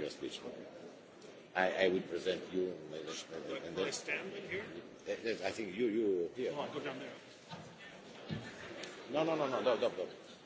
for your speech. I, I will present you. Wait, and then, I stand in here? Yes, uh, uh, I think you, you here. No, I go down there. No, no, no, no, no, no, no.